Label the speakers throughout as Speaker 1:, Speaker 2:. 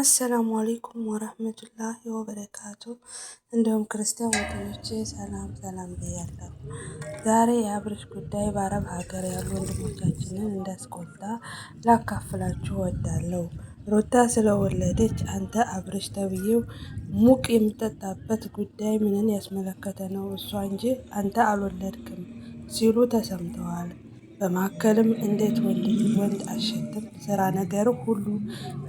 Speaker 1: አሰላሙ አሌይኩም ወረህመቱላሂ ወበረካቱ። እንደውም ክርስቲያን ወገኖቼ ሰላም ሰላም ብያለሁ። ዛሬ የአብርሽ ጉዳይ በአረብ ሀገር ያሉ ወንድሞቻችንን እንዳስቆጣ ላካፍላችሁ ወዳለሁ። ሩታ ስለወለደች አንተ አብርሽ ተብዬው ሙቅ የምጠጣበት ጉዳይ ምንን ያስመለከተ ነው? እሷ እንጂ አንተ አልወለድክም ሲሉ ተሰምተዋል። በመካከልም እንዴት ወንድ አይሸትም ስራ ነገር ሁሉ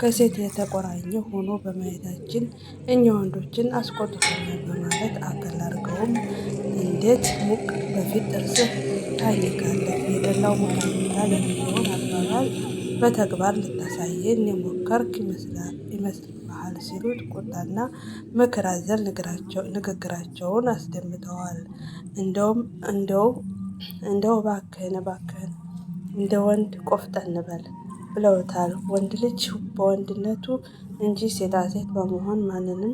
Speaker 1: ከሴት የተቆራኘ ሆኖ በማየታችን እኛ ወንዶችን አስቆጥቶናል በማለት አቀል አድርገውም እንዴት ሙቅ በፊት ጥርስህ ታኝካለህ የበላው ሙላሚታ ለሚሆን አባባል በተግባር ልታሳየን የሞከርክ ይመስልሃል ሲሉት ቁጣና ምክር አዘል ንግግራቸውን አስደምጠዋል። እንደውም እንደው እንደው እባክህን እባክህን እንደ ወንድ ቆፍጠን በል ብለውታል። ወንድ ልጅ በወንድነቱ እንጂ ሴታ ሴት በመሆን ማንንም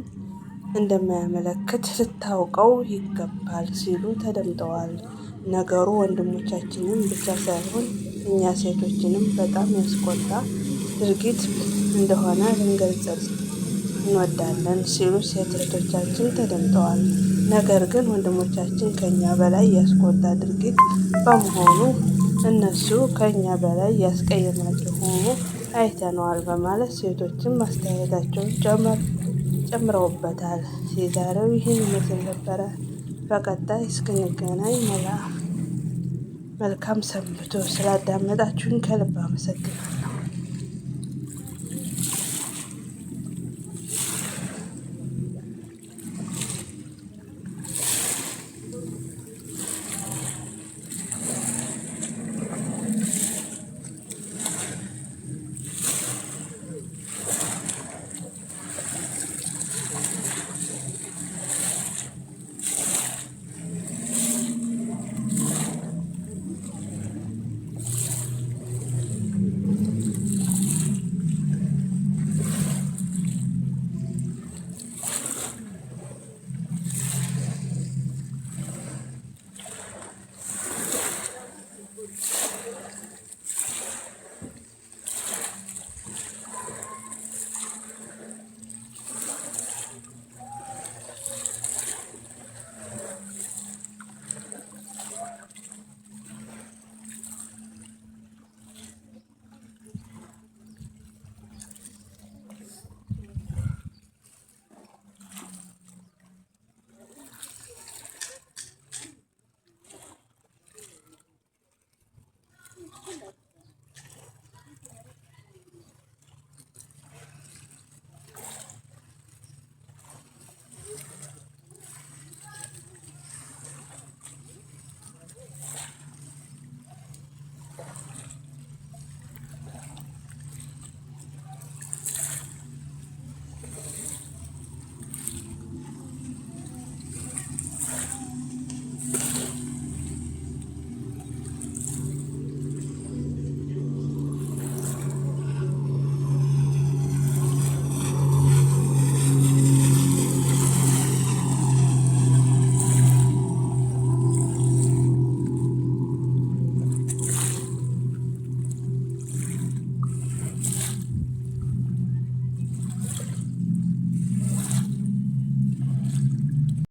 Speaker 1: እንደማያመለክት ልታውቀው ይገባል ሲሉ ተደምጠዋል። ነገሩ ወንድሞቻችንን ብቻ ሳይሆን እኛ ሴቶችንም በጣም ያስቆጣ ድርጊት እንደሆነ ልንገልጸል እንወዳለን ሲሉ ሴት እህቶቻችን ተደምጠዋል። ነገር ግን ወንድሞቻችን ከኛ በላይ ያስቆጣ ድርጊት በመሆኑ እነሱ ከኛ በላይ ያስቀየማቸው ሆኖ አይተነዋል በማለት ሴቶችም አስተያየታቸውን ጨምረውበታል። የዛሬው ይህን ይመስል ነበረ። በቀጣይ እስክንገናኝ መልካም ሰንብቶ። ስላዳመጣችሁን ከልብ አመሰግናለሁ።